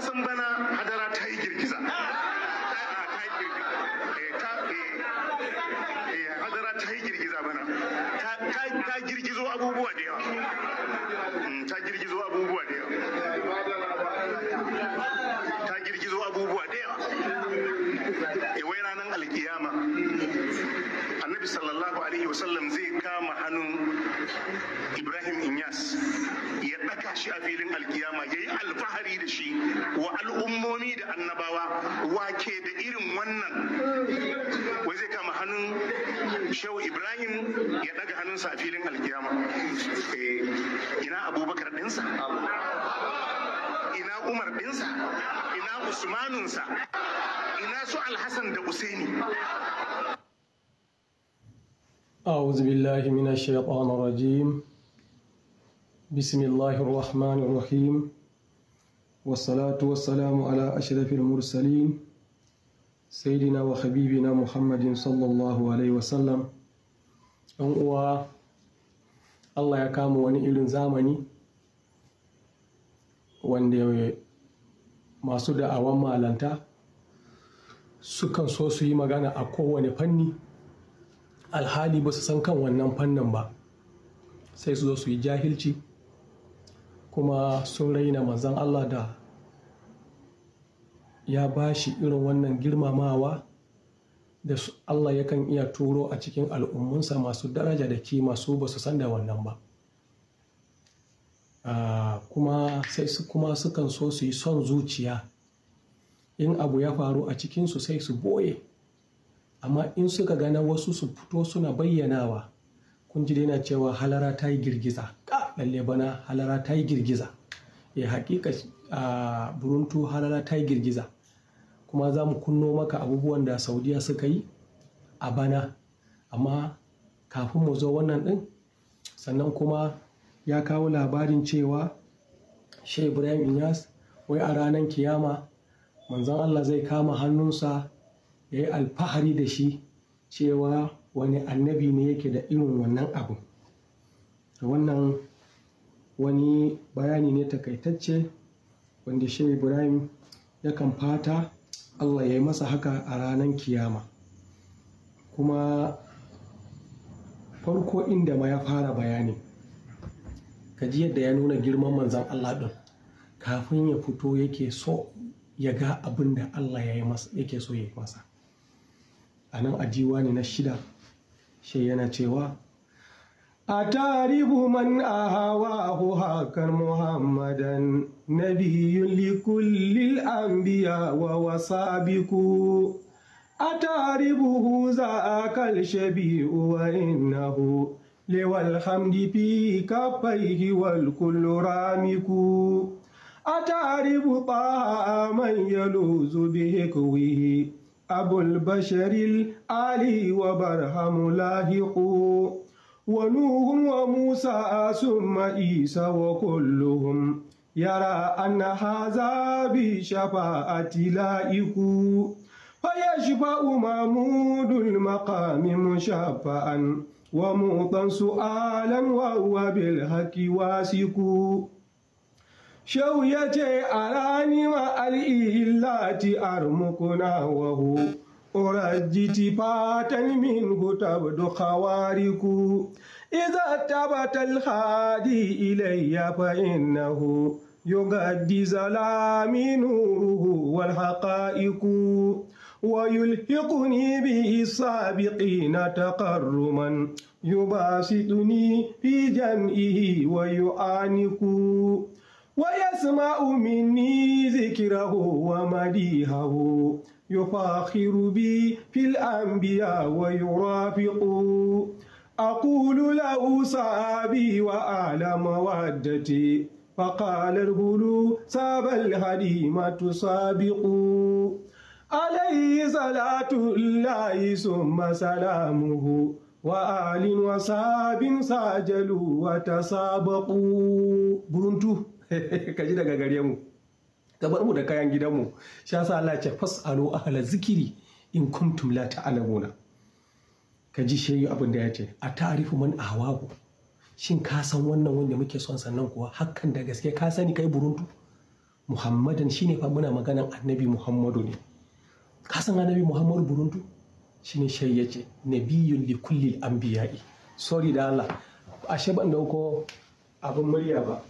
san bana hadara ta yi girgiza eh, eh, eh, hadara ta yi girgiza bana mm, ta girgizo abubuwa da yawa ta girgizo abubuwa da yawa ta girgizo abubuwa da yawa wai ranar alkiyama annabi sallallahu alaihi wasallam zai hannun ibrahim inyas ya ɗaka shi a filin alkiyama ya yi alfahari da shi wa al'ummomi da annabawa wake da irin wannan wai zai kama hannun shehu ibrahim ya ɗaga hannunsa a filin alkiyama eh, ina abubakar ɗinsa ina umar ɗinsa ina usmanunsa ina su alhassan da usaini أعوذ بالله من الشيطان الرجيم بسم الله الرحمن الرحيم والصلاة والسلام على أشرف المرسلين سيدنا وحبيبنا محمد صلى الله عليه وسلم أنقوى الله يكام ونئل زامني wanda masu da'awan malanta sukan so su yi magana a kowane fanni alhali ba su san kan wannan fannin ba sai su zo su yi jahilci kuma sun raina manzan Allah da ya ba shi irin wannan girmamawa da Allah yakan iya turo a cikin al'ummunsa masu daraja da ke masu ba su san da wannan ba ah, kuma sai su kuma sukan so su yi son zuciya in abu ya faru a cikinsu sai su boye amma in suka gana wasu su fito suna bayyanawa kun ji daina cewa halara ta yi girgiza ka lalle bana halara ta yi girgiza ya eh, hakika a buruntu halara ta yi girgiza kuma za mu kunno maka abubuwan da saudiya suka yi a bana amma kafin mu zo wannan din. sannan kuma ya kawo labarin cewa shi ibrahim inyas wai a ranar kiyama manzon allah zai kama hannunsa ya yi alfahari da shi cewa wani annabi ne yake da irin wannan abu wannan wani bayani ne takaitacce wanda shi ibrahim yakan fata allah ya yi masa haka a ranar kiyama kuma farko inda ma ya fara bayani gaji yadda ya nuna girman manzan allah ɗin kafin ya fito yake so ya ga abin da allah ya yake so ya yi masa a nan ajiwa ne na shida shi yana cewa a tarihu man a hawa hakan muhammadan na biyu likullil an biya wa biku. a tarihu za a kalshe biyu wa innahu lewal hamdi fi kafai wal kulluramiku a tarihu ba a man yalo zubi أبو البشر الآلي وبرهم لاهق ونوح وموسى ثم عيسى وكلهم يرى أن هذا بشفاعة لائق فيشفع محمود المقام مشفعا وموطا سؤالا وهو بالحق واثق Shehu ya ce a rani ma al'illati armukuna wahu, urajiti fatan min tabdu hawariku iza tabatal hadi ilayya fa innahu yugaddi zalami nuruhu wal haqa'iku. ويلحقني به السابقين تقرما fi jam'ihi جمعه aniku. ويسمع مني ذكره ومديحه يفاخر بي في الأنبياء ويرافق أقول له صحابي وأعلى مودتي فقال الهلو ساب الهديمة سابق عليه صلاة الله ثم سلامه وآل وصاب ساجلوا وتسابقوا برنتو ka ji daga gare mu ka bar mu da kayan gidan gidanmu sha sa Allah ce fas alo ahla zikiri in kuntum la ta'lamuna ka ji shi abin da ya ce a ta'rifu man ahwahu shin ka san wannan wanda muke son sannan kuwa hakan da gaske ka sani kai buruntu muhammadan shine fa muna maganan annabi muhammadu ne ka san annabi muhammadu buruntu shine shi yace nabiyyun li kulli anbiya'i sorry da Allah ashe ban dauko abin murya ba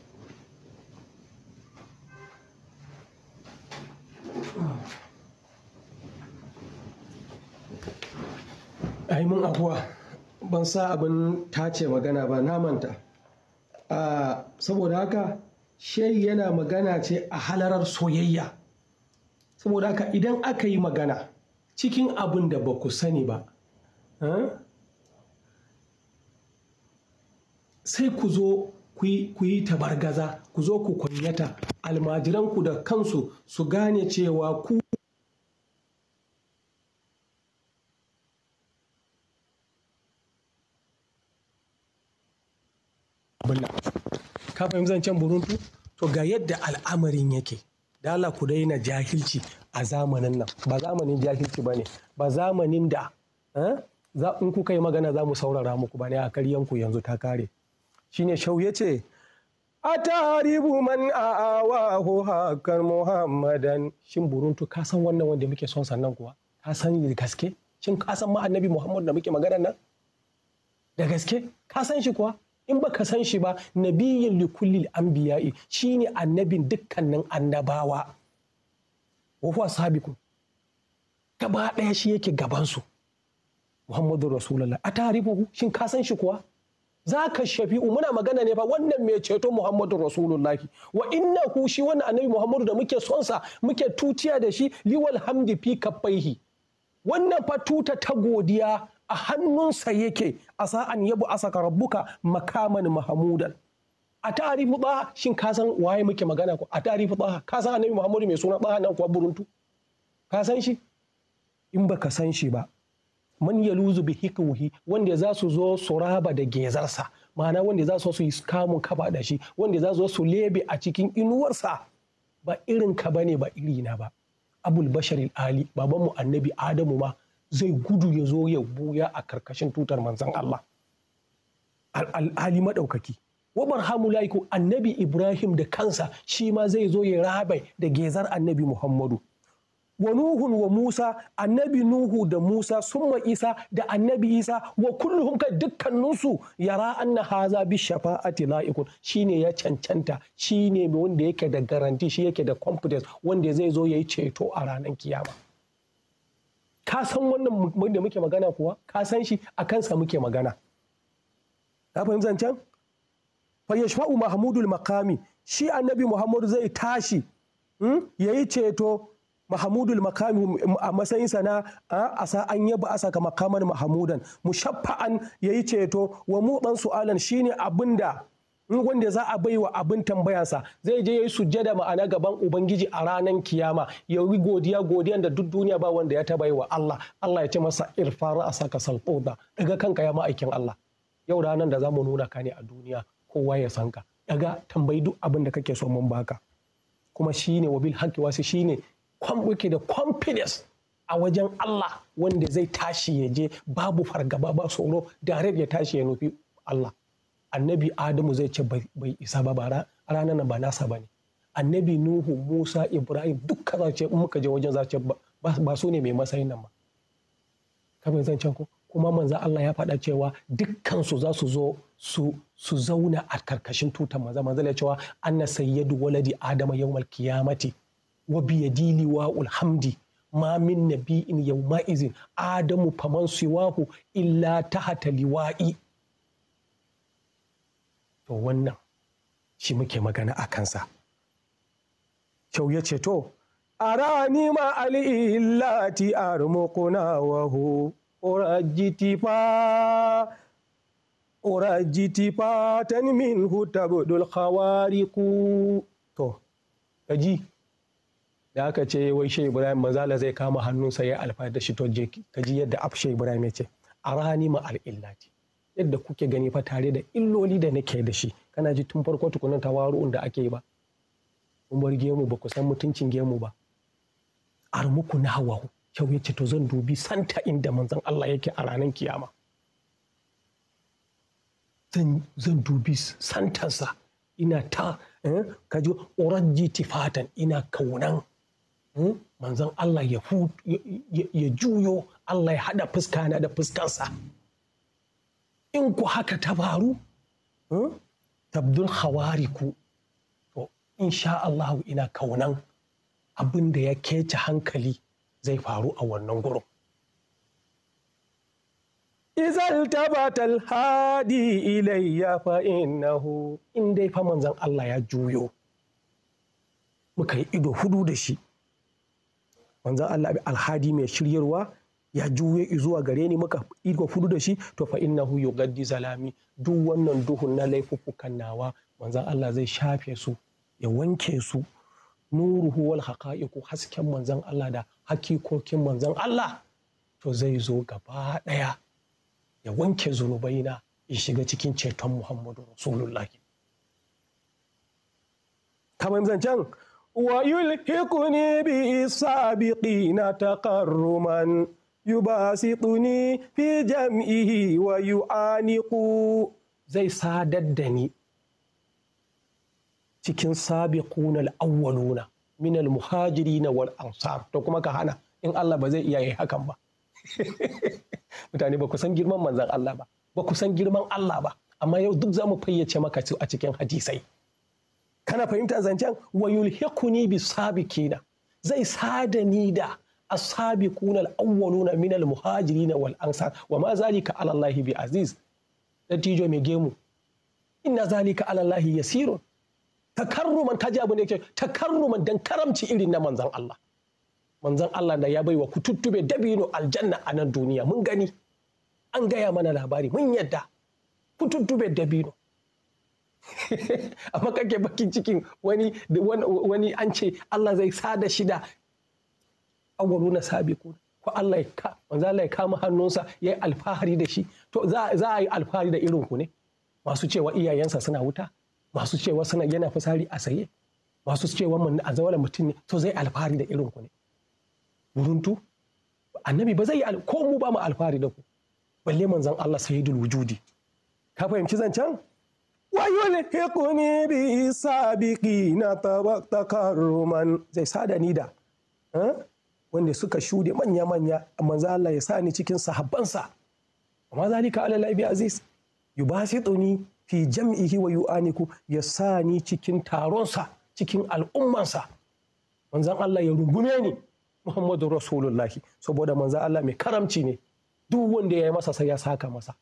ai mun abuwa ban sa abin tace magana ba na manta ah, saboda haka shai yana magana ce a halarar soyayya saboda haka idan aka yi magana cikin abin da ba ku sani ba sai ku zo ku yi tabargaza ku zo ku kunyata almajiranku da kansu su gane cewa ku abin nan ka fahimci zancen buruntu to ga yadda al'amarin yake da Allah ku daina jahilci a zamanin nan ba zamanin jahilci ba ne ba zamanin da eh, in kuka yi magana za mu saurara muku ba ne a ku yanzu ta kare shine shau ya ce a taribu man a awahu hakan muhammadan shin buruntu ka san wannan wanda muke son sannan kuwa ka san gaske shin ka san ma annabi muhammad da muke magana nan da gaske ka san shi kuwa in baka san shi ba nabiyyin likullil anbiya'i shine annabin dukkanin annabawa wa huwa sabiqun gaba ɗaya shi yake gabansu muhammadu rasulullah a shin ka san shi kuwa za ka shafi'u muna magana ne fa wannan mai ceto muhammadu rasulullah wa innahu shi wannan annabi muhammadu da muke sonsa muke tutiya da shi liwal hamdi fi kaffaihi wannan fa tuta ta godiya a hannunsa yake a sa'an yabu asaka rabbuka makaman mahamudan a ta'arifu ɗaha shin ka waye muke magana ko a ta'arifu ɗaha ka san annabi muhammadu mai suna ɗaha nan kuwa buruntu ka san shi in ba ka san shi ba man ya luzu bi hikuhi wanda za su zo su raba da gezarsa ma'ana wanda za su yi kamun kaba da shi wanda za su zo su lebe a cikin inuwarsa ba irin ka bane ba irina ba abul bashar ali babanmu annabi adamu ma zai gudu ya zo ya buya a karkashin tutar manzan Allah Al'ali maɗaukaki wabar laiku annabi ibrahim da kansa shi ma zai zo ya rabai da gezar annabi muhammadu wa nuhun wa musa annabi nuhu da musa summa isa da annabi isa wa kullum kai dukkaninsu yara anna haza bi shafa'ati la'ikun ne ya cancanta Shi ne wanda yake da garanti shi yake da confidence wanda zai zo ya yi ceto a ranar kiyama ka san wannan da muke magana kuwa ka san shi a kansa muke magana ka fahimci zancen fayyashfa'u mahamudul makami shi annabi muhammadu zai tashi hmm, ya yi ceto mahamudul makami hmm, a matsayin sa na sa an yaba asa ka makaman mahamudan mushaffa'an ya yi ceto wa mu su'alan shine abin da wanda za a baiwa abin tambayansa zai je ya yi sujjada ma'ana gaban ubangiji a ranar kiyama ya yi godiya godiyan da duk duniya ba wanda ya taba yi wa Allah Allah ya ce masa irfara a saka da daga kanka ya ma'aikin Allah yau ranar da za mu nuna ka ne a duniya kowa ya san ka daga tambayi duk abin da kake so mun baka kuma shine wabil haƙƙi wasu ne kwambuke da confidence a wajen Allah wanda zai tashi ya je babu fargaba ba tsoro da ya tashi ya nufi Allah annabi adamu zai ce bai isa ba ranar nan ba nasa ba ne annabi nuhu musa ibrahim duka za ce in muka je wajen za ce ba su ne mai matsayin nan ba kamar zancen ku kuma manzo Allah ya faɗa cewa dukkan su za su zo su zauna a karkashin tutan maza manzo ya cewa anna sayyadu waladi adama yawmal qiyamati wa bi yadili wa ulhamdi ma min nabiin yawma izin adamu faman siwahu illa tahta liwa'i to wannan shi muke magana a kansa kyau ya ce to arani ma ali illati armuquna wa hu urajitifa urajitifa tan min khawariku to ji da aka ce wai shi ibrahim Mazala zai kama hannunsa ya alfa da shi to je ji yadda af shi ibrahim ya ce arani ma alillati yadda kuke gani fa tare da illoli da nake da shi kana ji tun farko tukunan tawaru'un da ake yi ba kun bar gemu ba ku san mutuncin gemu ba armuku na hawahu kyau ya ce to zan dubi santa inda manzon Allah yake a ranar kiyama zan dubi santansa ina ta eh, kaji orajji tifatan ina kaunan eh, manzon Allah ya juyo Allah ya hada fuska na da fuskansa in ku haka ta faru hmm? tabdul hawariku to insha Allah ina kaunan abin da ya kece hankali zai faru a wannan gurin izal tabatal hadi ilayya fa innahu in dai fa manzon Allah ya juyo muka yi ido hudu da shi manzon Allah alhadi mai shiryarwa ya juye zuwa gare ni muka iko fudu da shi to fa innahu yugaddi zalami duk wannan duhun na laifukan nawa manzon Allah zai shafe su ya wanke su nuruhu wal haqa'iqu hasken manzon Allah da hakikokin manzon Allah to zai zo gaba daya ya wanke zunubai na in shiga cikin ceton Muhammadu Rasulullahi kamar zancen bi sabiqina taqarruman yubasituni fi jam'ihi wa yu'aniqu zai sadar da ni cikin sabiquna al-awwaluna min al na wal ansar to kuma ka hana in Allah ba zai iya yi hakan ba mutane ba ku san girman manzan Allah ba ba ku san girman Allah ba amma yau duk zamu fayyace maka a cikin hadisai kana fahimta zancen wa yulhiquni bi sabiqina zai sada ni da as-sabiquna al-awwaluna min al-muhajirin wal ansar wa ma zalika ala Allah bi aziz dattijo mai gemu inna zalika ala Allah Ta takarruman kaji abin da yake takarruman dan karamci irin na manzon Allah manzon Allah da ya bai wa kututtube dabino aljanna a nan duniya mun gani an gaya mana labari mun yadda kututtube dabino amma kake bakin cikin wani wani an ce Allah zai sada shida na sabiqun ko Allah ya ka manzo Allah ya kama hannunsa ya yi alfahari da shi to za a yi alfahari da irin ku ne masu cewa iyayensa suna wuta masu cewa suna yana fasari a saye masu cewa mun a zawala mutum ne to zai alfahari da irin ku ne buruntu annabi ba zai ko mu ba mu alfahari da ku balle manzon Allah sayyidul wujudi ka fahimci zancen wayulhiquni bi sabiqina takarruman zai sada ni da eh? wanda suka shude manya manya manzo Allah ya sa ni cikin sahabbansa amma zalika ala labi aziz yubasituni fi jam'ihi wa yu'aniku ya sa ni cikin taronsa cikin al'ummansa manzan Allah ya rungume ni Muhammadu Rasulullahi saboda manzan Allah mai karamci ne duk wanda ya masa sai ya saka masa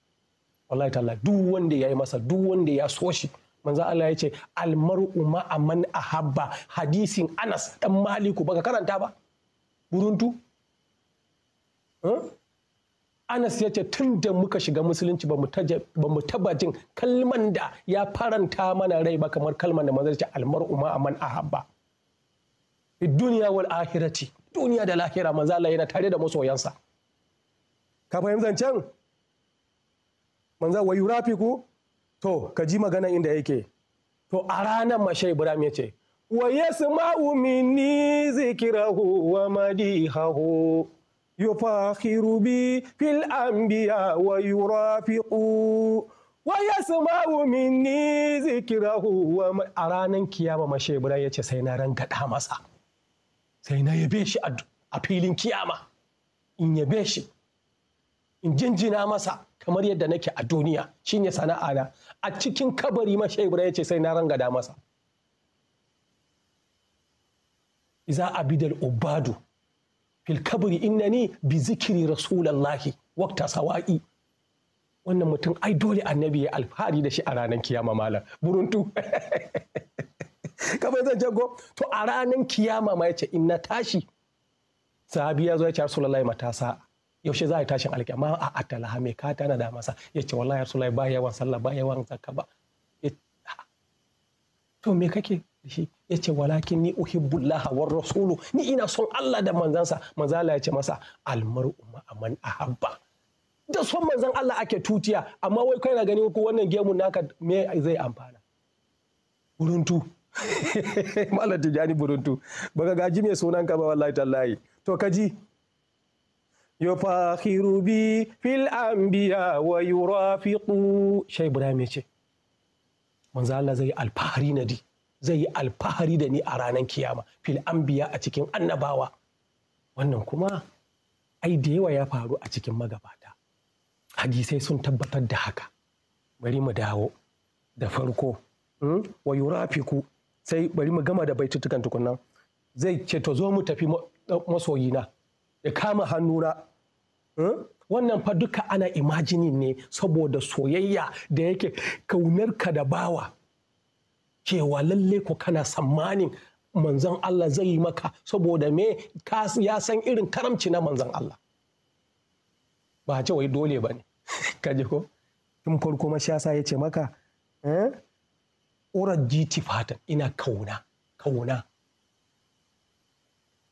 wallahi ta'ala duk wanda yayi masa duk wanda ya so shi manzan Allah ya ce almar'u ma'a man ahabba hadisin Anas dan Maliku baka karanta ba buruntu anas ya ce tun da muka shiga musulunci ba mu taba jin kalman da ya faranta mana rai ba kamar kalman da manzon ce almar'u ma aman ahabba duniya wal ahirati duniya da lahira manzo Allah yana tare da masoyansa ka fahimtan can manzo wa yurafiku to ka ji magana inda yake to a ranar mashai ibrahim ya ce Wa Yesu ma'umin ni zikin rahu, wa ma dika ku. fil am wa yi Wa Yesu ma'umin ni wa ma. ranar kiyama ma Shebura ya sai na ran gada masa. Sai na yi bashi a filin kiyama, in yi bashi, in jinjina masa kamar yadda nake a duniya, shi sana'a na. A cikin kabari ma Shebura ya sai na ran gada masa. Za iza abidal ubadu fil kabri innani bi zikiri rasulallahi wakta sawa'i wannan mutum ai dole annabi ya alfahari da shi a ranar kiyama malam buruntu kamar zan jago to a ranar kiyama ma yace in na tashi sahabi ya zo ya ce rasulallahi matasa yaushe za a yi tashin alkiyama a ha mai ka tana da masa ya ce wallahi rasulallahi ba yawan sallah ba yawan zakka ba to me kake da shi ya ce walakin ni uhibbullaha war rasulu ni ina son Allah da manzansa manzala ya ce masa umma aman ahabba da son manzan Allah ake tutiya amma wai kai na gani ko wannan gemu naka me zai amfana buruntu mallan tijani buruntu baka gaji mai sunan ka ba wallahi tallahi to kaji yufakhiru bi fil anbiya wa yurafiqu shay ibrahim ya ce manzo Allah zai alfahari na di zai yi alfahari da ni a ranar kiyama fil anbiya a cikin annabawa wannan kuma ai da yawa ya faru a cikin magabata hadisai sun tabbatar da haka bari mu dawo da farko hmm? wa yurafiku sai bari mu gama da baitutukan tukunan zai ce to zo mu tafi eh, masoyina ya kama hannuna hmm? wannan fa duka ana imajinin ne saboda soyayya da yake kaunarka da bawa cewa lalle ko kana tsammanin manzon Allah zai yi maka saboda me ya san irin karamci na manzon Allah ba ce wai dole ba ne kaje ko in farko mashasa ya ce maka eh, urar jiti fatan ina kauna kauna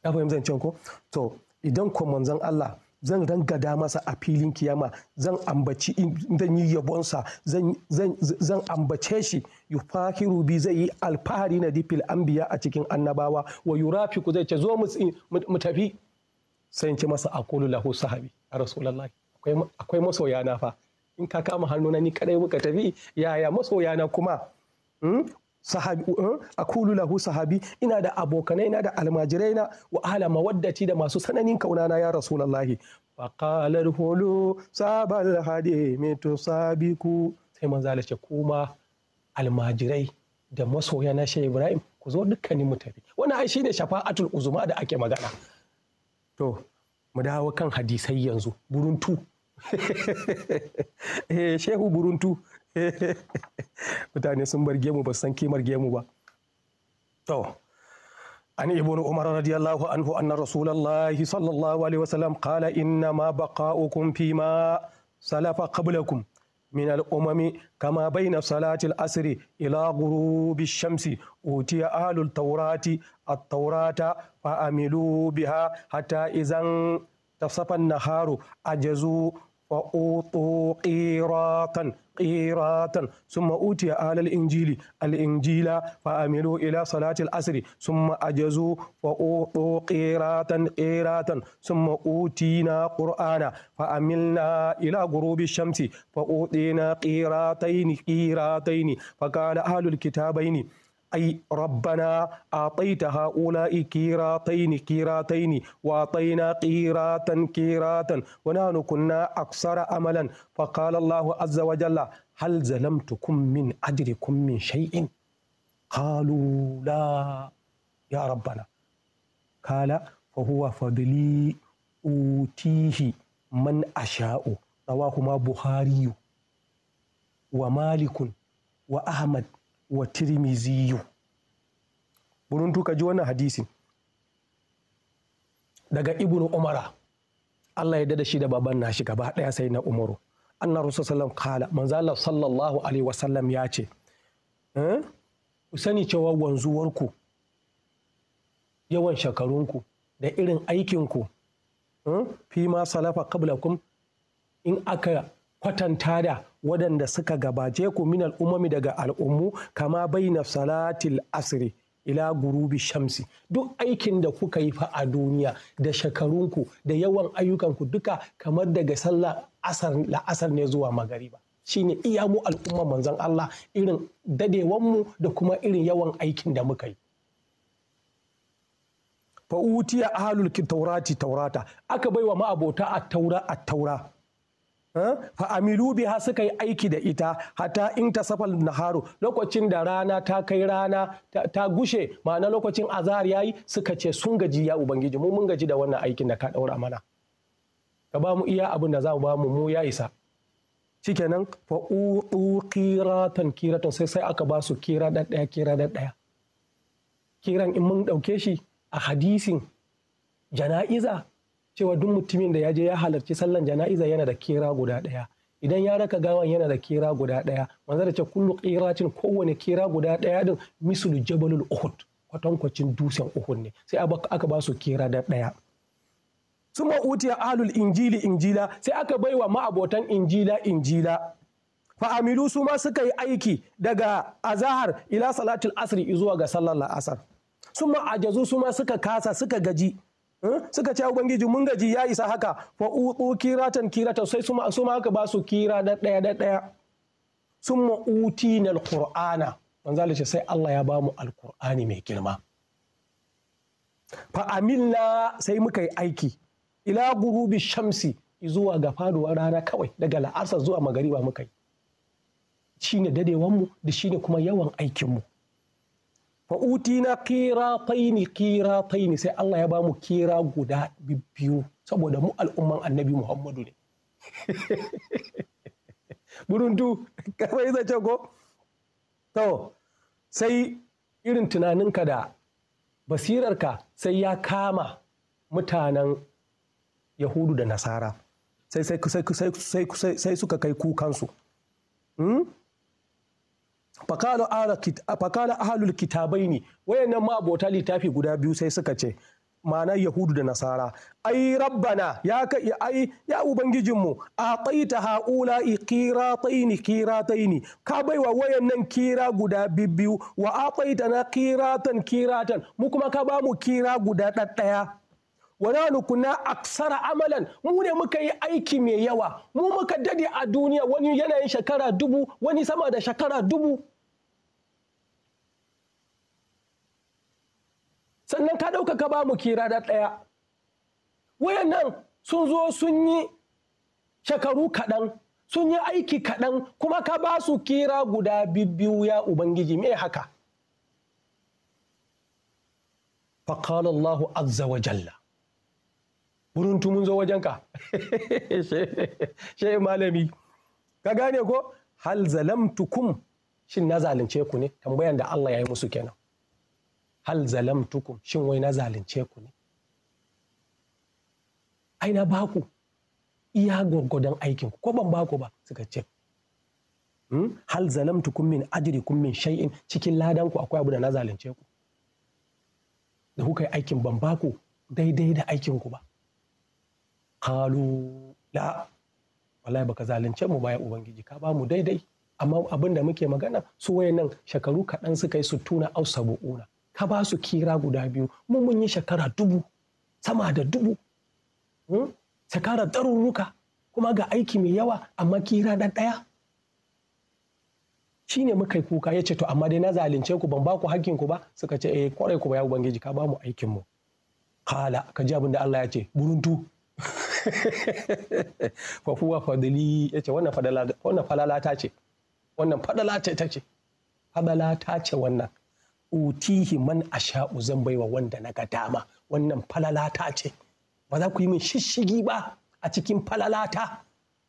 ya fahimci cewa ko to idan ko manzon Allah zan rangada masa a filin kiyama zan ambaci zan yi yabonsa zan ambace shi yufakiru bi zai yi alfahari na difil anbiya a cikin annabawa wa yurafiku zai ce zo mu tafi sai ce masa aqulu lahu sahabi a rasulullahi akwai masoya na fa in ka kama hannuna ni kadai muka tafi yaya masoya na kuma hmm? sahabi eh, akulu lahu sahabi ina da abokanai ina da almajirai na wa ala mawaddati da masu sananin kauna na ya rasulullahi fa qala hulu sabal mitu sabiku sai manzo Allah ce kuma almajirai da masoya na Shehu Ibrahim ku zo dukkanin mu tafi wannan ai shine shafa'atul uzuma da ake magana to mu dawo kan hadisai yanzu buruntu eh, shehu buruntu mutane sun bar gemu ba san kimar gemu ba to an ibn umar radiyallahu anhu anna rasulullah sallallahu alaihi wasallam qala inna ma baqa'ukum fi ma salafa qablakum من الأمم كما بين صلاة الأسر إلى غروب الشمس أوتي أهل التوراة التوراة فأملوا بها حتى إذا تصف a jazu. وأوطوا قيراطا قيراطا ثم أوتي آل الإنجيل الإنجيل فأملوا إلى صلاة العصر ثم أجزوا وأوطوا قيراطا قيراطا ثم أوتينا قرآنا فأملنا إلى غروب الشمس فأوتينا قيراطين قيراطين فقال أهل الكتابين ai rabbana ataita haula'i kirataini kirataini wa ataina qiratan qiratan wa nahnu kunna aksara amalan fa qala Allah azza wa jalla hal zalamtukum min min shay'in qalu la ya rabbana qala fa huwa fadli utihi man asha'u rawahuma buhariyu wa malikun wa ahmad wa tirmiziyu burin tuka ji wannan hadisin daga ibnu umara Allah ya dada shi da baban nashi gaba daya sai na umaru anna rasul kala manzo sallallahu alaihi wasallam ya ce eh, ku sani cewa wanzuwarku yawan shekarunku da irin aikinku eh, fi ma salafa qablakum in aka kwatanta da waɗanda suka gabace ku min al'umami daga al'ummu kama baina salatil asri ila gurubi shamsi duk aikin da kuka yi fa a duniya da shekarunku da yawan ayyukanku duka kamar daga sallar asar la'asar ne zuwa magariba shine iya mu al'umma manzon Allah irin dadewanmu da kuma irin yawan aikin da muka yi fa'utiya ahlul taurati taurata aka baiwa ma'abota a taura a taura fa amilu biha suka yi aiki da ita hata in ta safal naharu lokacin da rana ta kai rana ta gushe ma'ana lokacin azhar yayi suka ce sun gaji ya ubangiji mu mun gaji da wannan aikin da ka daura mana ka ba mu iya abin da za mu ba mu mu ya isa shikenan fa uqu qiratan qiratan sai sai aka ba su kira da daya kira da daya kiran in mun dauke shi a hadisin jana'iza cewa duk mutumin da ya je ya halarci sallan jana'iza yana da kera guda ɗaya idan ya raka gawan yana da kera guda ɗaya manzo da ce kullu cin kowane kera guda ɗaya din mislu jabalul uhud kwatankwacin dutsen uhud ne sai aka ba su kira da ɗaya suma utiya ahlul injili injila sai aka baiwa ma'abotan injila injila fa'amilu su ma suka yi aiki daga azahar ila salatul asri zuwa ga sallar la'asar suma ajazu su ma suka kasa suka gaji Eh? suka ce ubangiji mun gaji ya isa haka fa utu kiratan kiratan sai su ma ba su kira da daya da daya summa utina alqur'ana manzo ce sai Allah ya ba mu alqur'ani mai girma fa amilla sai muka yi aiki ila gurubi shamsi zuwa ga faduwar rana kawai daga la'asar zuwa magariba muka yi shine dadewan mu da shine kuma yawan aikin mu fa utina kira taini sai Allah ya ba mu kira guda biyu saboda mu al'umman annabi Muhammadu ne buruntu kai zace ko to sai irin tunaninka da basirarka sai ya kama mutanen yahudu da nasara sai suka kai kukansu hmm? fakala ahalul kitabai ne wayannan ma abota littafi guda biyu sai suka ce ma'anar yahudu da nasara ai rabbana ya ai ya ubangijinmu a taita haula kira taini kira taini ka baiwa wayannan kira guda bibbiyu wa a na kiratan kiratan mu kuma ka bamu kira guda ɗaɗɗaya wa nanu aksara amalan mu ne muka yi aiki mai yawa mu muka dade a duniya wani yanayin shekara dubu wani sama da shekara dubu sannan ka ɗauka ka ba mu kira da ɗaya wayannan sun zo sun yi shekaru kaɗan sun yi aiki kaɗan kuma ka ba su kira guda biyu ya ubangiji me haka فقال الله buruntu mun zo wajenka she malami ka gane ko hal zalamtukum shin na zalunce ku ne tambayan da Allah ya yi musu kenan hal zalamtukum shin wai na zalunce ku ne ai na baku iya gwargwadon aikin ku ko ban baku ba suka ce hmm? hal zalamtukum min ajrikum min shay'in cikin ladan ku akwai abu da na zalunce ku da kuka yi aikin ban baku daidai da aikin ku ba qalu la wallahi baka zalunce mu baya ubangiji ka ba mu daidai amma abin da muke magana su wayannan shekaru kaɗan suka yi tuna au sabu'una ka ba su kira guda biyu mu mun yi shekara dubu sama da dubu hmm? shekara ɗarurruka kuma ga aiki mai yawa amma kira da ɗaya shi ne muka yi kuka ya ce to amma dai na zalunce ku ban ba ku hakkin ku ba suka ce eh kwarai ku ba ya ubangiji ka ba mu aikin mu kala ka ji abin da Allah ya ce buruntu fa huwa fadli yace wannan fadala wannan falala ta ce wannan fadala ce ta ce fadala ta ce wannan utihi man asha'u zan baiwa wanda na ga dama wannan falala ta ce ba za ku yi min shishigi ba a cikin falalata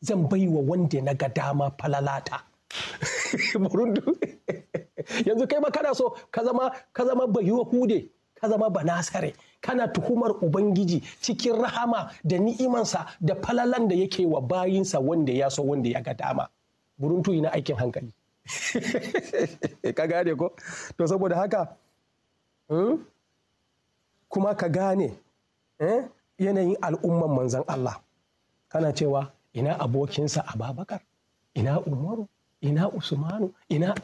zan baiwa wanda na ga dama falalata ta yanzu kai ma kana so ka zama ka zama bayuwa hude ka zama banasare kana tuhumar ubangiji cikin rahama da ni'imansa da falalan da yake wa bayinsa wanda ya so wanda ya ga dama buruntu na aikin hankali ka gane ko to saboda haka hmm? kuma ka gane eh, yanayin al'umman manzan Allah kana cewa ina abokinsa a Babakar? ina umaru ina usmanu ina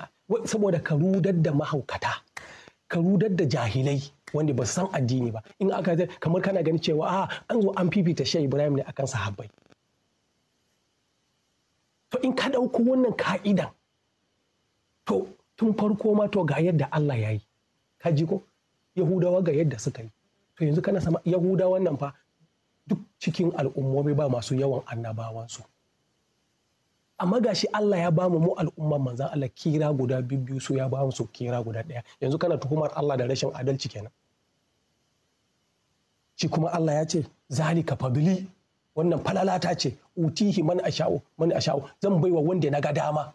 saboda ka rudar da mahaukata ka rudar da jahilai wanda ba san addini ba in aka kamar kana gani cewa a an zo an fifita shi ibrahim ne akan sahabbai to in ka ɗauko wannan ka'idan to tun farko ma to ga yadda Allah ya yi ka ji ko yahudawa ga yadda suka yi to yanzu kana sama yahudawa wannan fa duk cikin al'ummomi ba masu yawan annabawansu amma gashi Allah ya bamu mu al'umman manzan Allah kira guda biyu so ya bamu su kira guda ɗaya yanzu kana tuhumar Allah da rashin adalci kenan shi kuma Allah ya ce zalika fabili wannan falalata ce utihi man asha'u man asha'u zan baiwa wanda na ga dama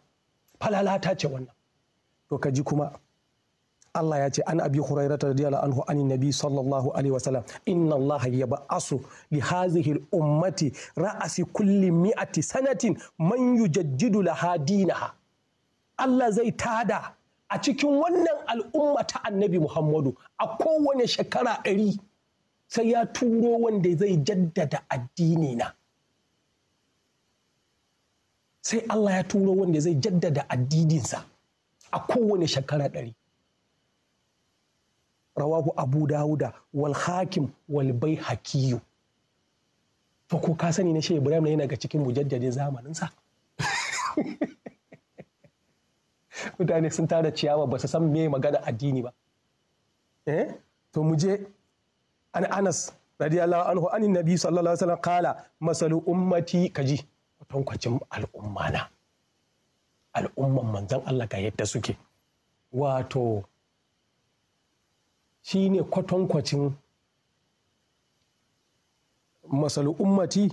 falalata ce wannan to ka ji kuma Allah ya ce ana abi hurairah radiyallahu anhu anin nabi sallallahu alaihi wasallam inna Allah yab'asu li hadhihi ummati ra'asi kulli mi'ati sanatin man yujaddidu laha dinaha Allah zai tada a cikin wannan al'umma ta annabi Muhammadu a kowane shekara ɗari sai ya turo wanda zai jaddada addini na sai Allah ya turo wanda zai jaddada addininsa a kowane shekara ɗari rawahu abu dawuda wal hakim wal bai hakiyu fa ko ka sani na shi ibrahim na yana ga cikin mujaddadin zamaninsa mutane sun tara ciyawa ba su san me magana addini ba eh to mu je an anas radiyallahu anhu anin nabi sallallahu alaihi wasallam kala masalu ummati kaji al'umma al'ummana al'umman manzon Allah ga yadda suke wato Shi ne kwatankwacin masalu ummati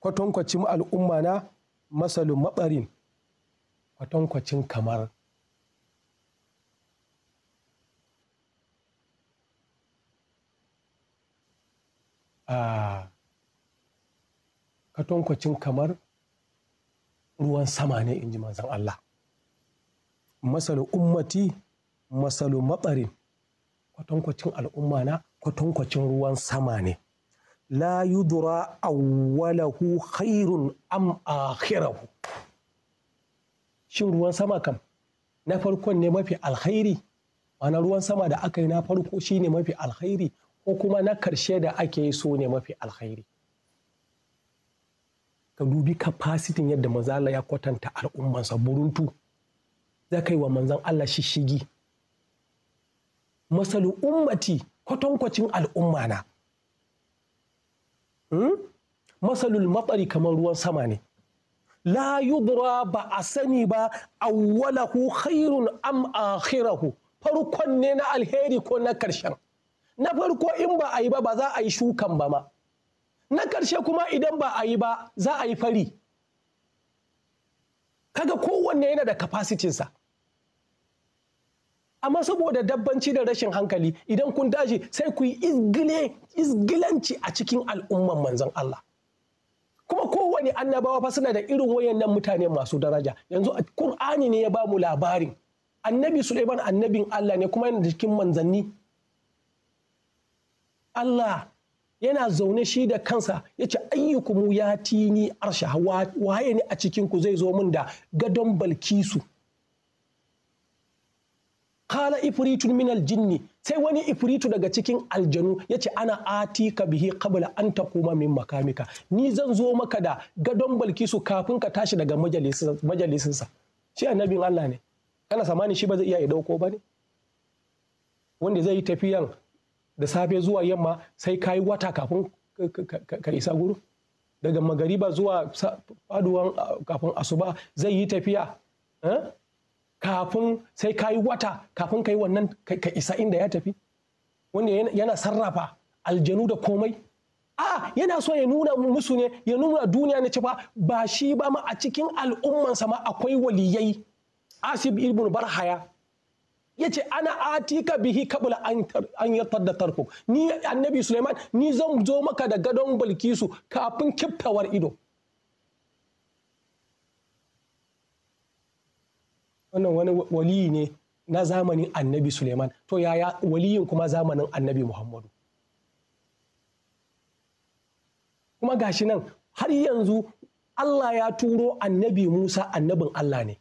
kwatankwacin al'umma na masalu maɓarin kwatankwacin kamar a kwatankwacin kamar ruwan sama ne in ji manzan Allah masalu ummati masalu maɓarin kwatankwacin al'umma na kwatankwacin ruwan sama ne la yudura awwalahu khairun am akhirahu shin ruwan sama kam na farkon ne mafi alkhairi ma'ana ruwan sama da aka yi na farko shi ne mafi alkhairi ko kuma na karshe da ake yi so ne mafi alkhairi ka dubi kafasitin yadda mazala ya kwatanta al'ummansa buruntu za yi wa manzan Allah shishigi masalu ummati kwatankwacin al'umma na hmm? masalul matsari kamar ruwan sama ne la yudra ba a sani ba awwalahu khairun am akhirahu farkon ne na alheri ko na karshen na farko in ba a yi ba ba za a yi shukan ba ma na karshe kuma idan ba a yi ba za a yi fari kaga kowanne yana da kafasitinsa amma saboda dabbanci da rashin hankali idan kun tashi sai ku yi izgilanci a cikin al'umman manzon Allah kuma kowane annabawa fa suna da irin wayannan mutane masu daraja yanzu Kur'ani ne ya ba mu labarin annabi Suleiman annabin Allah ne kuma yana da cikin manzanni Allah yana zaune shi da kansa ya ce ayyukumu ya tini arsha waye ne a cikin ku zai zo min da gadon balkisu Kala ifritun minal jinni sai wani ifiritu daga cikin aljanu ya ce ana ati ka bihi kabla an takuma min makamika ni zan zo maka da gadon balkisu kafin ka tashi daga majalisinsa shi annabin Allah ne kana samani shi ba zai iya ya dauko ba ne wanda zai yi tafiyan da safe zuwa yamma sai kayi wata kafin ka isa guru daga magariba zuwa faduwan kafin asuba zai yi tafiya eh? kafin sai ka yi wata kafin ka yi wannan ka isa inda ya tafi wanda yana sarrafa aljanu da komai a yana so ya nuna musu ne ya nuna duniya na cewa ba shi ba ma a cikin al'ummansa ma akwai waliyai asib ibn barhaya ya ce ana atika bihi kabla an yatar da tarko ni annabi suleiman ni zan zo maka da gadon bilkisu kafin kiftawar ido wannan wani waliyi ne na zamanin annabi suleiman to yaya waliyin kuma zamanin annabi muhammadu kuma gashi nan har yanzu allah ya turo annabi musa annabin allah ne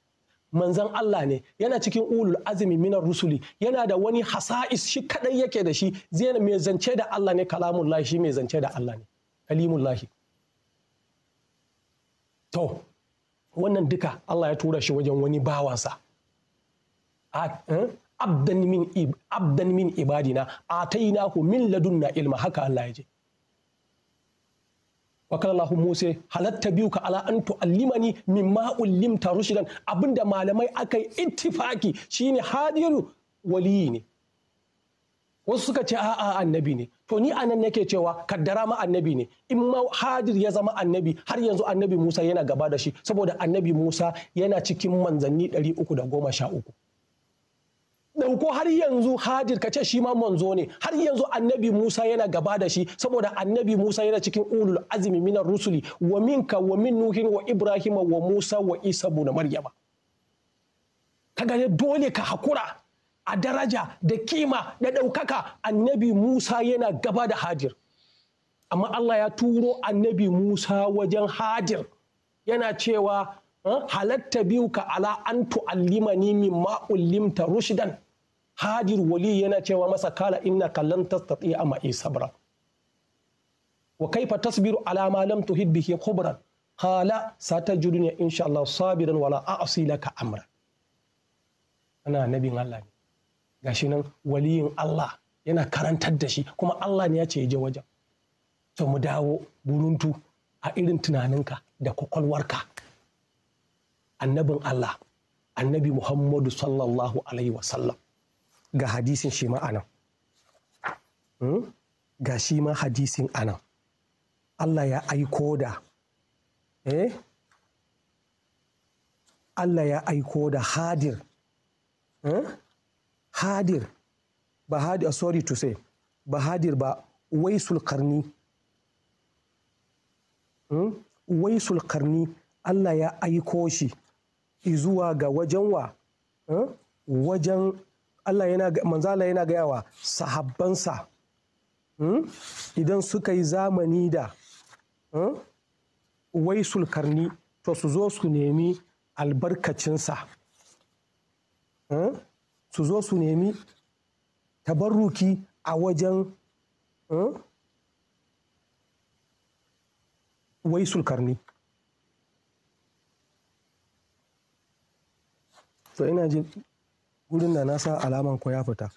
manzan Allah ne yana cikin ulul azumi minar rusuli yana da wani hasa'is shi kadai yake da shi zai mai zance da Allah ne kalamullahi shi mai zance da Allah ne kalimullahi to wannan duka Allah ya tura shi wajen wani bawansa Eh? abdan min abdan min yi naku min ladun na ilma haka Allah ya je Wakar Allah Musa halatta biyu ka ala an tu'allimani mimma ullimta rushdan abinda malamai aka yi ittifaki shine hadiru waliyi ne wasu suka ce a'a annabi ne to ni anan nake cewa kaddara ma annabi ne in ma hadir ya zama annabi har yanzu annabi Musa yana gaba da shi saboda annabi Musa yana cikin manzanni 313 ɗauko har yanzu hajir ka ce shi ma manzo ne har yanzu annabi musa yana gaba da shi saboda annabi musa yana cikin ulul azumi mina rusuli wa minka wa min nuhin wa ibrahima wa musa wa isa buna maryama ka gane dole ka hakura a daraja da kima da ɗaukaka annabi musa yana gaba da hajir amma allah ya turo annabi musa wajen hadir yana cewa halatta biyu ka ala an tu'allimani mimma ullimta rushdan hadir wali yana cewa masa kala inna kallon tastati a ma'i sabra wa kaifa tasbiru ala ma lam tuhid bihi khubran qala in insha Allah sabiran wala a'si laka amra ana nabin Allah ne gashi nan waliyin Allah yana karantar da shi kuma Allah ne ya ce ya je wajen to mu dawo buruntu a irin tunaninka da kwakwalwarka annabin Allah annabi Muhammadu sallallahu alaihi wasallam ga hadisin shi ma anan hmm? ga shi ma hadisin anan Allah ya aiko da eh Allah ya aiko da hadir hmm? hadir ba hadir sorry to say ba hadir ba waisul karni hmm? waisul karni Allah ya aiko shi zuwa ga wajen wa wajen Allah yana manzala yana gaya wa sahabbansa hmm, idan suka yi zamani da hmm, waisul karni to su zo su nemi albarkacinsa hmm, su zo su nemi tabarruki a wajen waisul karni to ina ji gurin da na sa alaman ko ya fita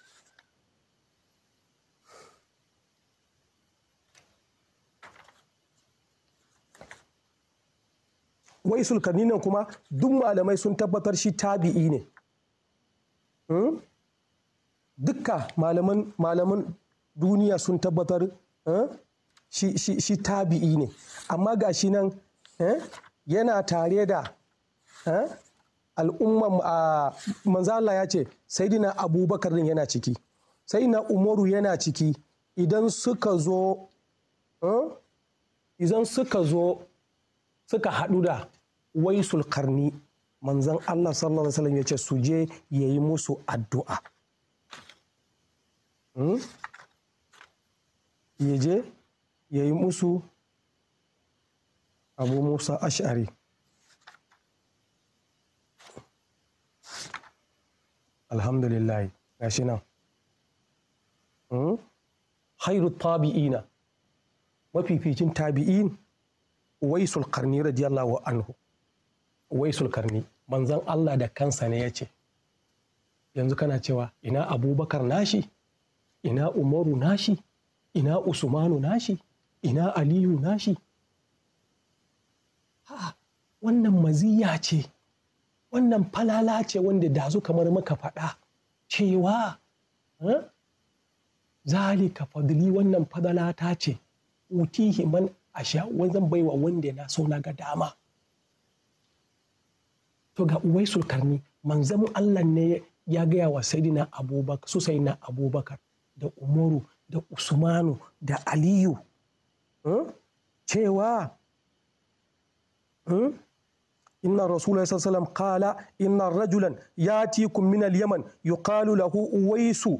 wai sulkarni nan kuma duk malamai sun tabbatar shi tabi'i ne hmm? dukka malaman duniya sun tabbatar hmm? shi tabi'i ne amma ga shi nan hmm? yana tare da al'umman a manzo Allah ya ce saidina abubakar din yana ciki sayyidina umaru yana ciki idan suka zo eh, idan suka zo suka haɗu da wai karni manzon Allah sallallahu alaihi wasallam ya ce su je yayi musu addu'a hmm? ya ya yi musu abu musa ash'ari ga shi nan hmm? hairu tabi'ina mafificin tabi'in Wai karni radiyallahu anhu uwaisul karni manzan Allah da kansa ne ya ce yanzu kana cewa ina abubakar nashi ina umaru nashi ina usmanu nashi ina aliyu nashi ha wannan maziya ce wannan falala ce wanda dazu kamar maka faɗa cewa eh, zalika fadli wannan fadala ta ce utihi man asha zan baiwa wanda na so na ga dama to ga uwai sulkarni manzamu Allah ne ya gaya wa sayidina abubakar su sayidina abubakar da umaru da usmanu da aliyu eh, cewa eh, inna rasulullahi sallallahu alaihi qala inna rajulan yatikum min al-yaman yuqalu lahu uwaisu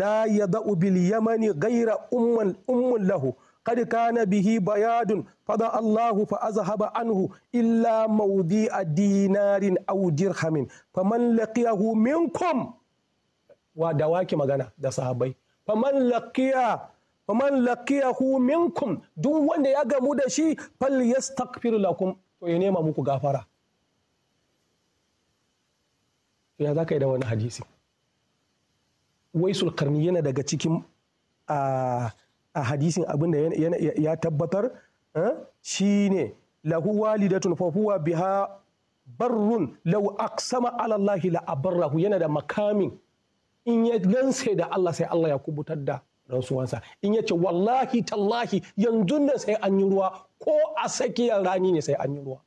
la yada'u bil yamani ghayra umman ummun lahu قد كان به بياد فضى الله فأذهب عنه إلا موضيع دينار أو درهم فمن لقيه منكم ودواكي مغانا دا صحابي فمن لقيه faman laqiyahu minkum duk wanda ya gamu da shi fal yastaghfir lakum to ya nema muku gafara ya za ka yi da wani hadisi Wai sulkarni yana daga cikin a hadisin abin da ya tabbatar shi ne. lahu walidatun fa biha barrun lau aqsama ala Allah la abarrahu yana da makamin in ya gansai da Allah sai Allah ya kubutar da rasuwansa in ce wallahi tallahi yanzu ne sai an yi ruwa ko a tsakiyar rani ne sai an yi ruwa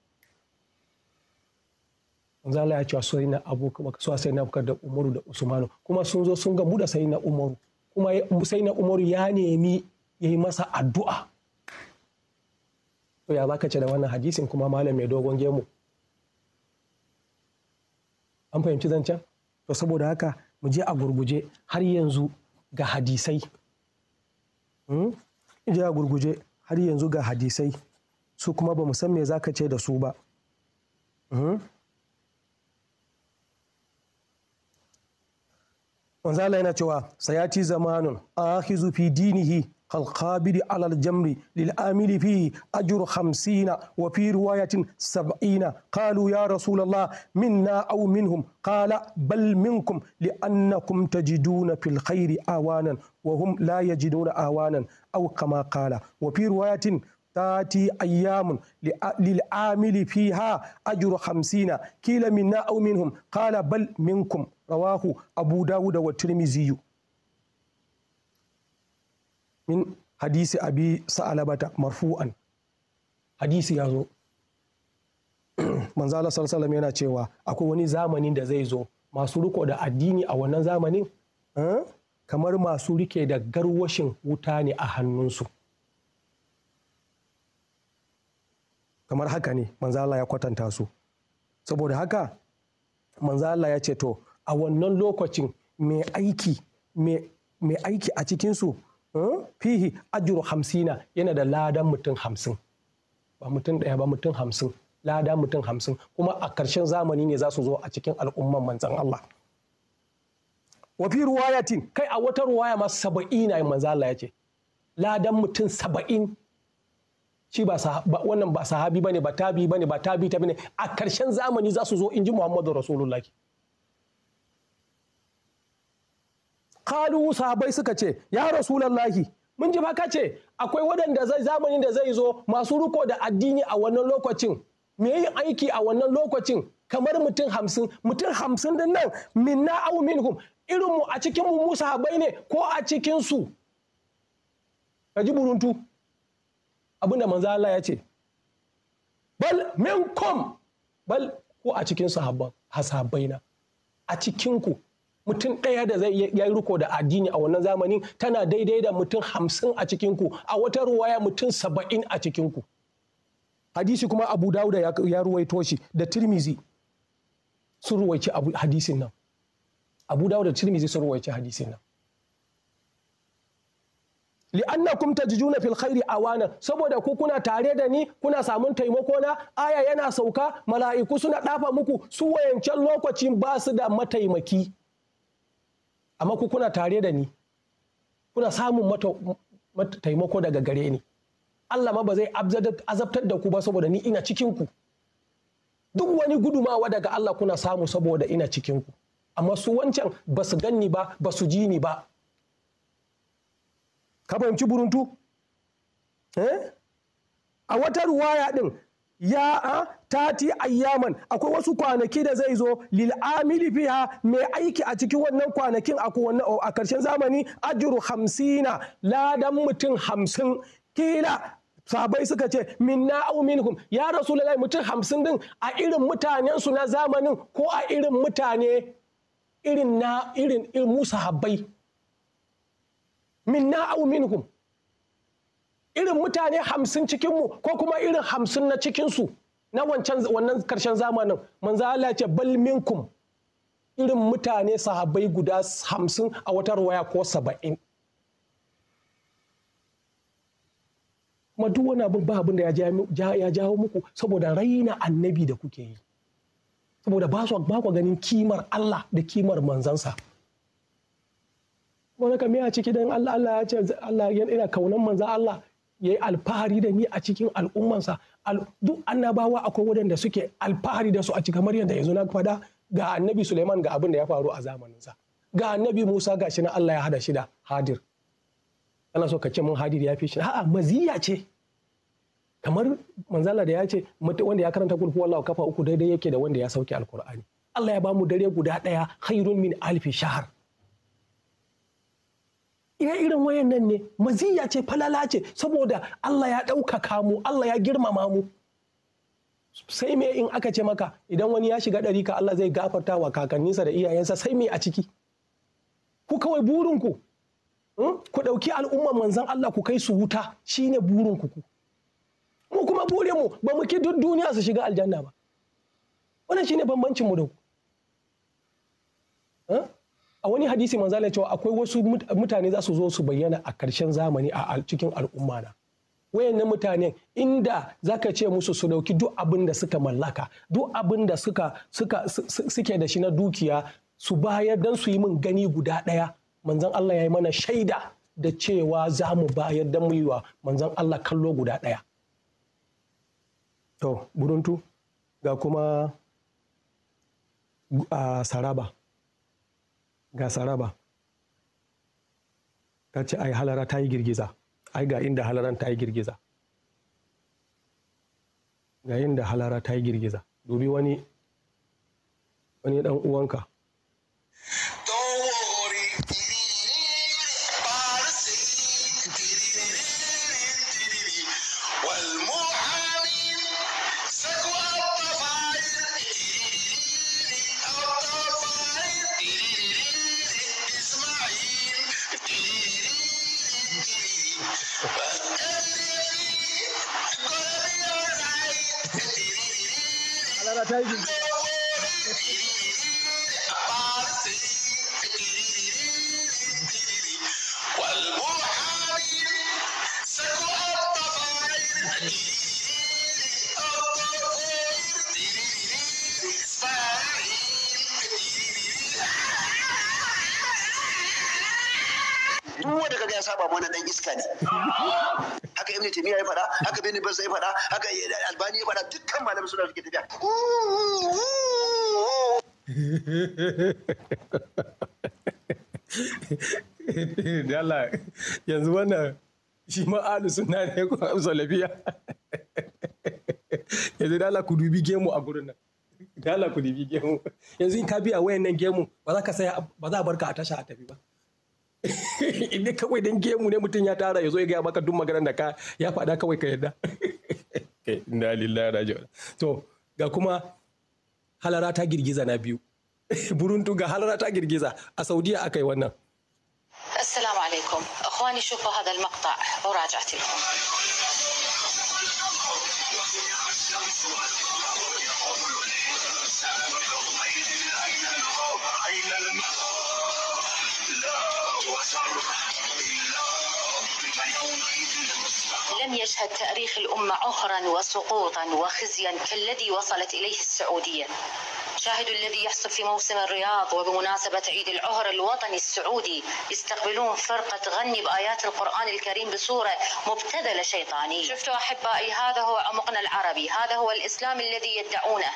zala ya cewa sai na abubakar sai na da umaru da usmanu kuma sun zo sun gamu da sai na umaru kuma sai na umaru ya nemi ya yi masa addu'a to ya zaka ce da wannan hadisin kuma malam mai dogon gemu an fahimci zancen to saboda haka mu je a gurguje har yanzu ga hadisai Hmm? ja a gurguje har yanzu ga hadisai su kuma ba mu san me zaka ce da su ba Wanzala hmm? yana cewa sayati zamanin ahizu fi dinihi القابل على الجمر للآمل فيه أجر خمسين وفي رواية سبعين قالوا يا رسول الله منا أو منهم قال بل منكم لأنكم تجدون في الخير آوانا وهم لا يجدون آوانا أو كما قال وفي رواية تاتي أيام للعامل فيها أجر خمسين كيل منا أو منهم قال بل منكم رواه أبو داود والترمذي min hadisi abi sa'alabata marfu'an hadisi ya zo manzala sallallahu yana cewa akwai wani zamanin da zai zo masu riko da addini a wannan zamanin eh, kamar masu rike da garwashin wuta ne a hannunsu kamar haka ne manzala ya kwatanta su saboda haka manzala ya ce to a wannan lokacin mai aiki a cikinsu Hmm? fihi ajuru hamsina yana da ladan mutum hamsin ba mutum ɗaya ba mutum hamsin lada mutum hamsin kuma a ƙarshen zamani ne za su zo a cikin al'umman manzan Allah wa fi ruwayatin kai a wata ruwaya ma saba'ina manzan Allah ya ce ladan mutum saba'in shi ba wannan ba sahabi bane ba tabi bane ba tabi ta bane a ƙarshen zamani za su zo in ji Muhammadu Rasulullahi kalu sahabai suka ce ya rasulallahi mun ji maka ce akwai waɗanda zai zamani da zai zo masu riko da addini a wannan lokacin me yi aiki a wannan lokacin kamar mutum hamsin mutum hamsin din nan minna au minhum irin mu a cikin mu musa ne ko a cikin su ka ji buruntu abinda manzo Allah ya ce bal minkum bal ko a cikin sahabban hasabaina a cikin ku mutum ɗaya da zai ya yi riko da addini a wannan zamanin tana daidai da mutum hamsin a cikinku a wata ruwaya mutum saba'in a cikinku hadisi kuma abu dawuda ya ruwaito shi da tirmizi sun ruwaici hadisin nan abu dawuda da tirmizi sun ruwaici hadisin nan li'annakum tajiduna fil khairi awana saboda ku kuna tare da ni kuna samun taimako na aya yana sauka mala'iku suna dafa muku su wayancan lokacin ba su da mataimaki amma ku kuna tare da ni kuna samun mata taimako daga gare ni Allah ma ba zai azabtar da ku ba saboda ni ina cikin ku duk wani gudumawa daga Allah kuna samu saboda ina cikin ku amma su wancan ba su ganni ba ba su ji ni ba ka fahimci buruntu eh a wata ruwaya din ya a tati ayyaman akwai wasu kwanaki da zai zo lil amili fiha mai aiki a cikin wannan kwanakin a karshen zamani ajru hamsina ladan mutum hamsin kila sabai suka ce minna au minhum ya rasulullahi mutum hamsin din a irin mutanen na zamanin ko a irin mutane irin na irin musa habbai minna minhum irin mutane hamsin cikinmu ko kuma irin hamsin na cikinsu na wannan karshen zamanin manzo Allah ce bal minkum irin mutane sahabbai guda hamsin a wata ruwaya ko saba'in kuma duk wani abin ba abin da ya jawo muku saboda raina annabi da kuke yi saboda ba su ba ganin kimar Allah da kimar manzansa wani kame a ciki dan Allah Allah ya ce Allah yana kaunan manzan Allah ya yi alfahari da ni a cikin al'ummansa duk annabawa akwai waɗanda suke alfahari da su a cikin kamar yadda yanzu na faɗa ga annabi Suleiman ga abin da ya faru a zamaninsa ga annabi Musa ga shi na Allah ya hada shi da hadir ana so ka ce mun hadir ya fi shi a'a maziya ce kamar manzala da ya ce wanda ya karanta kulhu wallahu kafa uku daidai yake da wanda ya sauke alkur'ani Allah ya bamu dare guda ɗaya hairun min alfi shahar ire irin wayannan ne maziya ce falala ce saboda Allah ya ɗaukaka mu Allah ya girmama mu sai me in aka ce maka idan wani ya shiga ɗari ka Allah zai gafarta wa kakanninsa da iyayensa sai me a ciki ku kawai burinku hmm? ku ɗauki al'umman manzan Allah ku kai su wuta shine burinku ku mu kuma bure mu ba mu ki duk duniya su shiga aljanna ba wannan shine bambancin mu da ku hmm? a wani hadisi manzala cewa akwai wasu mutane za su zo su bayyana a karshen zamani a cikin al'umma na wayannan mutane inda zaka ce musu su dauki duk abin da suka mallaka duk abin da suka suka suke da shi na dukiya su bayar dan su yi min gani guda ɗaya manzon Allah ya yi mana shaida da cewa za mu bayar dan mu yi wa manzon Allah kallo guda ɗaya to buruntu ga kuma a saraba ga saraba ta ce ai halara ta yi girgiza ai ga inda halaran ta yi girgiza ga inda halara ta yi girgiza dubi wani wani dan uwanka David. ne ba sai faɗa haka albani ya faɗa dukkan malamai suna suke tafiya Dala yanzu wannan shi ma suna ne ku ko lafiya. yanzu dala ku dubi gemu a gurin nan dala ku dubi gemu yanzu in ka biya wayan nan gemu ba za ka saya ba za a barka a tasha a tafi ba in ne kawai dan gemu ne mutum ya tara ya zo ya gaya maka duk maganar da ka ya faɗa kawai ka yadda inna lillahi raji'un to ga kuma halara ta girgiza na biyu buruntu ga halara ta girgiza a saudiya aka yi wannan السلام عليكم اخواني شوفوا هذا المقطع وراجعتي لكم لن يشهد تاريخ الامه عهرا وسقوطا وخزيا كالذي وصلت اليه السعوديه شاهدوا الذي يحصل في موسم الرياض وبمناسبة عيد العهر الوطني السعودي يستقبلون فرقة تغني بآيات القرآن الكريم بصورة مبتذلة شيطانية شفتوا أحبائي هذا هو عمقنا العربي هذا هو الإسلام الذي يدعونه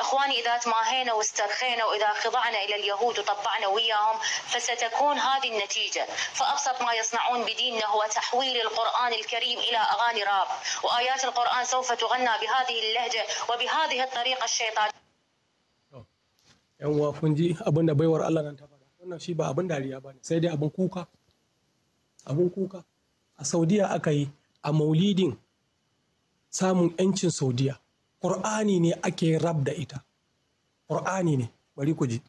إخواني إذا تماهينا واسترخينا وإذا خضعنا إلى اليهود وطبعنا وياهم فستكون هذه النتيجة فأبسط ما يصنعون بديننا هو تحويل القرآن الكريم إلى أغاني راب وآيات القرآن سوف تغنى بهذه اللهجة وبهذه الطريقة الشيطانية yan uwa kun ji abin da baiwar Allah nan ta faɗa wannan shi ba abin dariya ba ne sai dai abin kuka abin kuka a saudiya aka yi a maulidin samun yancin saudiya ƙur'ani ne ake rab da ita ƙur'ani ne bari ku ji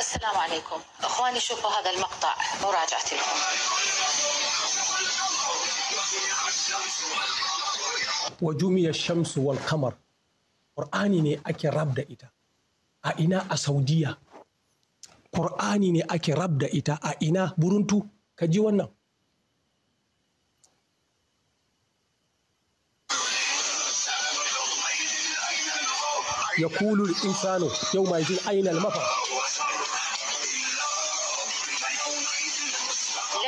السلام عليكم اخواني شوفوا هذا المقطع مراجعتي لكم وجمي الشمس والقمر قرآني ne ake rab da ita a ina a saudiya qur'ani ne ake rabda ita a ina buruntu kaji wannan يقول الإنسان يوم يجد أين المفر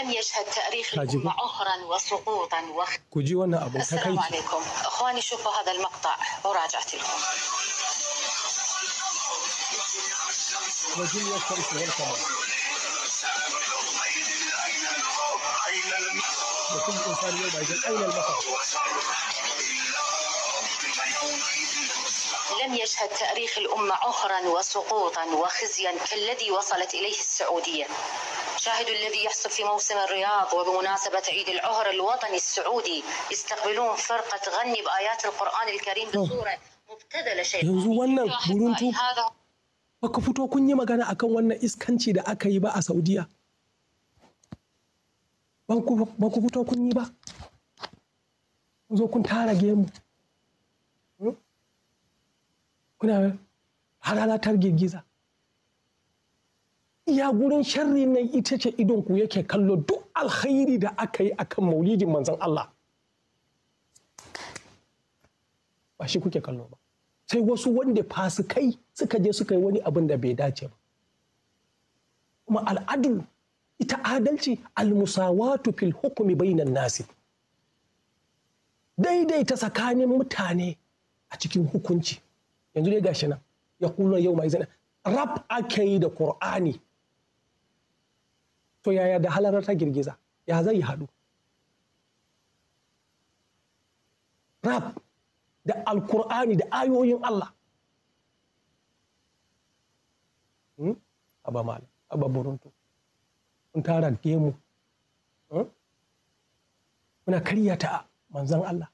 لم يشهد تاريخ عهرا وسقوطا وخ... كجي وانا أبو السلام عليكم أخواني شوفوا هذا المقطع وراجعت لكم وجل يسر والكمال وكل انسان عيد اين المطر لم يشهد تاريخ الامه عهرا وسقوطا وخزيا كالذي وصلت اليه السعوديه شاهدوا الذي يحصل في موسم الرياض وبمناسبة عيد العهر الوطني السعودي يستقبلون فرقة تغني بآيات القرآن الكريم بصورة مبتذلة شيء baka fito kun yi magana akan wannan iskanci da aka yi ba a saudiya ba ku fito kun yi ba zo kun tara gemu hmm? kuna halalatar girgiza iya gurin sharri na ita ce idonku yake kallo duk alkhairi da aka yi akan maulidin manzon Allah ba shi kuke kallo ba sai wasu wanda fasikai suka je suka yi wani abin da bai dace ba kuma al'adul ita adalci almusawatu fil hukumi bainan nasi daidaita tsakanin mutane a cikin hukunci yanzu dai gashi nan ya kula yau mai zana rab ake yi da Kur'ani. to yaya da halarar ta girgiza ya zai haɗu rab da alkur'ani da ayoyin Allah hmm? aba malam aba burunto. mun tara gemu hmm? muna karyata manzan Allah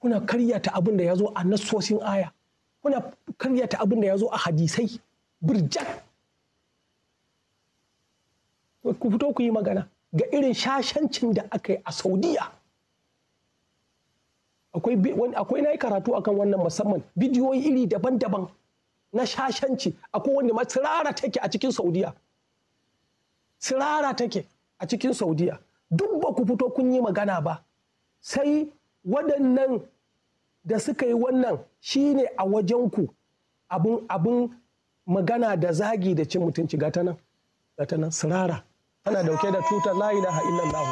kuna karyata abin da ya zo a nassosin aya kuna karyata abin da ya zo a hadisai birjak ku fito ku yi magana ga irin shashancin da aka yi a saudiya akwai na yi karatu akan wannan musamman bidiyoyi iri daban-daban na shashanci akwai wanda ma tsirara take a cikin saudiya tsirara take a cikin saudiya duk ba ku fito kun yi magana ba sai waɗannan da suka yi wannan shine a wajenku abin abin magana da zagi da cin mutunci ga ta ga tanan sirara ana dauke da tutar la ilaha illallah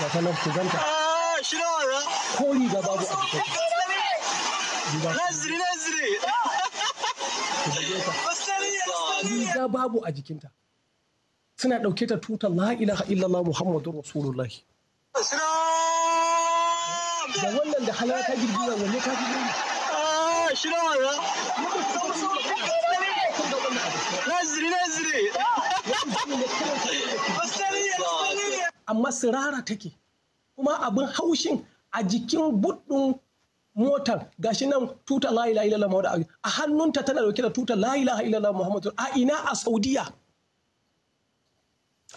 ga tanan ku ganta ko riga babu a jikin naziri naziri riga babu a jikinta suna ɗauke ta tuta la ilaha illallah muhammadun rasulullahi da wannan da halaya ta girgiza wanne ta fi girgiza naziri naziri amma sirara take kuma abin haushin a jikin buɗin motar gashi nan tuta la ilaha illallah a hannunta tana dauke da tuta la ilaha illallah muhammadu a ina a saudiya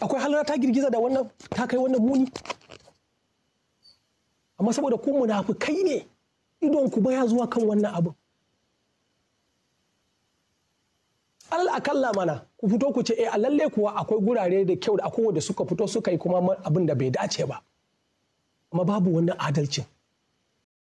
akwai halar ta girgiza da wannan ta kai wannan muni amma saboda ku munafikai ne idon ku baya zuwa kan wannan abin alal akalla mana ku fito ku ce eh lalle kuwa akwai gurare da kyau da akwai wanda suka fito suka yi kuma abin da bai dace ba kuma babu wani adalcin